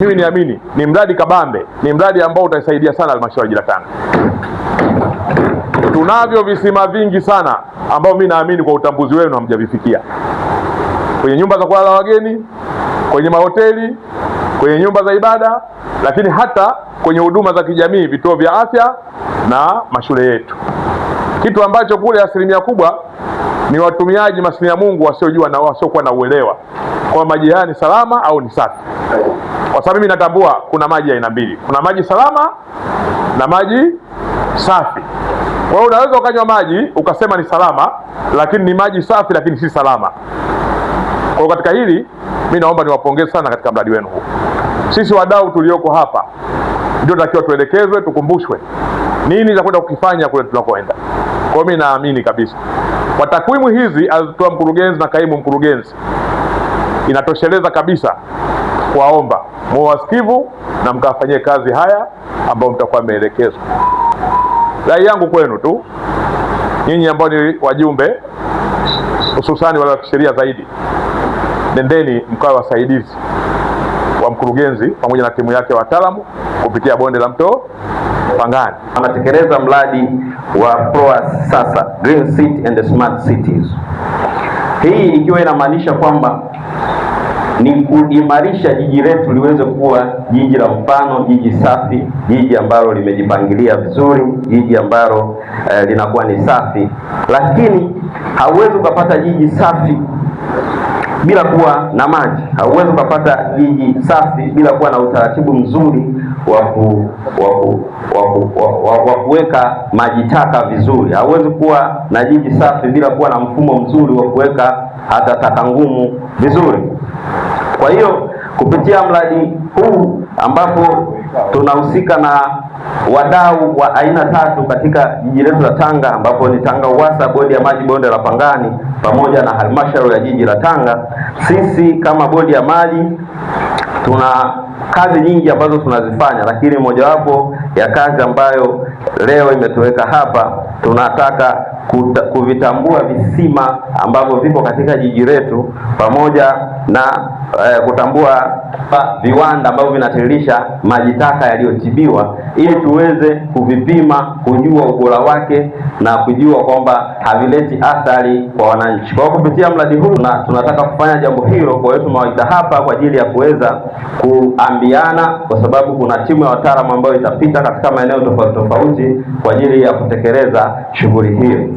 Mimi niamini ni mradi kabambe, ni mradi ambao utaisaidia sana halmashauri ya Tanga. Tunavyo visima vingi sana ambao mimi naamini kwa utambuzi wenu hamjavifikia, kwenye nyumba za kulala wageni, kwenye mahoteli, kwenye nyumba za ibada, lakini hata kwenye huduma za kijamii, vituo vya afya na mashule yetu, kitu ambacho kule asilimia kubwa ni watumiaji masinia Mungu wasiojua na wasiokuwa na uelewa kwa maji haya ni salama au ni safi kwa sababu mimi natambua kuna maji aina mbili, kuna maji salama na maji safi. Kwa hiyo unaweza ukanywa maji ukasema ni salama, lakini ni maji safi, lakini si salama. Kwa hiyo katika hili mimi naomba niwapongeze sana katika mradi wenu huu. Sisi wadau tulioko hapa ndio tunatakiwa tuelekezwe, tukumbushwe nini za kwenda kukifanya kule tunakoenda. Kwa hiyo mimi naamini kabisa kwa takwimu hizi alizotoa mkurugenzi na kaimu mkurugenzi inatosheleza kabisa kuwaomba muwe wasikivu na mkafanyie kazi haya ambayo mtakuwa mmeelekezwa. Rai yangu kwenu tu nyinyi ambao ni wajumbe, hususani wale wa kisheria zaidi, nendeni mkawe wasaidizi wa mkurugenzi pamoja na timu yake wataalamu kupitia bonde la mto Pangani. Anatekeleza mradi wa PROA sasa Green City and Smart Cities, hii ikiwa inamaanisha kwamba ni kuimarisha jiji letu liweze kuwa jiji la mfano, jiji safi, jiji ambalo limejipangilia vizuri, jiji ambalo eh, linakuwa ni safi. Lakini hauwezi ukapata jiji safi bila kuwa na maji. Hauwezi ukapata jiji safi bila kuwa na utaratibu mzuri wa ku, wa kuweka maji taka vizuri. Hauwezi kuwa na jiji safi bila kuwa na mfumo mzuri wa kuweka hata taka ngumu vizuri. Kwa hiyo kupitia mradi huu ambapo tunahusika na wadau wa aina tatu katika jiji letu la Tanga ambapo ni Tanga Uwasa, bodi ya maji bonde la Pangani pamoja na halmashauri ya jiji la Tanga. Sisi kama bodi ya maji tuna kazi nyingi ambazo tunazifanya, lakini mojawapo ya kazi ambayo leo imetuweka hapa, tunataka kuta, kuvitambua visima ambavyo viko katika jiji letu pamoja na eh, kutambua viwanda ambavyo vinatiririsha maji taka yaliyotibiwa ili tuweze kuvipima, kujua ubora wake na kujua kwamba havileti athari kwa wananchi. Kwa kupitia mradi huu na tunataka kufanya jambo hilo, kwa hiyo tumewaita hapa kwa ajili ya kuweza kuambiana, kwa sababu kuna timu ya wataalamu ambayo itapita katika maeneo tofauti tofauti kwa ajili ya kutekeleza shughuli hiyo.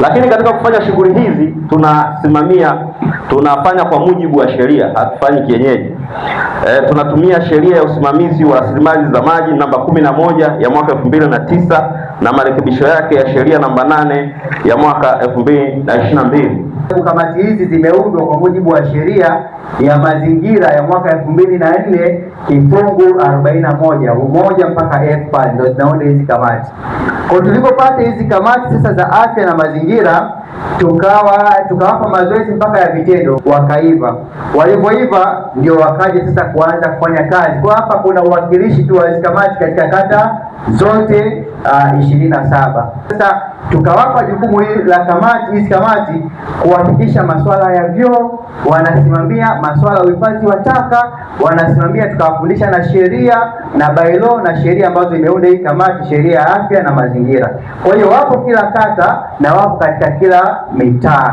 Lakini katika kufanya shughuli hizi tunasimamia, tunafanya kwa mujibu wa sheria, hatufanyi kienyeji. E, tunatumia sheria ya usimamizi wa rasilimali za maji namba kumi na moja ya mwaka elfu mbili na tisa na marekebisho yake ya sheria namba nane ya mwaka 2022. Kamati hizi zimeundwa kwa mujibu wa sheria ya mazingira ya mwaka 2004 kifungu 41 umoja mpaka F pale ndio zinaunda hizi kamati. Kwa tulipopata hizi kamati sasa za afya na mazingira tukawa tukawapa mazoezi mpaka ya vitendo, wakaiva. Walivyoiva ndio wakaja sasa kuanza kufanya kazi. Kwa hapa kuna uwakilishi tu wa kamati katika kata zote uh, ishirini na saba sasa tukawapa jukumu hili la kamati hizi kamati kuhakikisha masuala ya vyoo, wanasimamia masuala ya uhifadhi wa taka, wanasimamia tukawafundisha na sheria na bailo na sheria ambazo imeunda hii kamati, sheria ya afya na mazingira. Kwa hiyo wapo kila kata na wapo katika kila mitaa.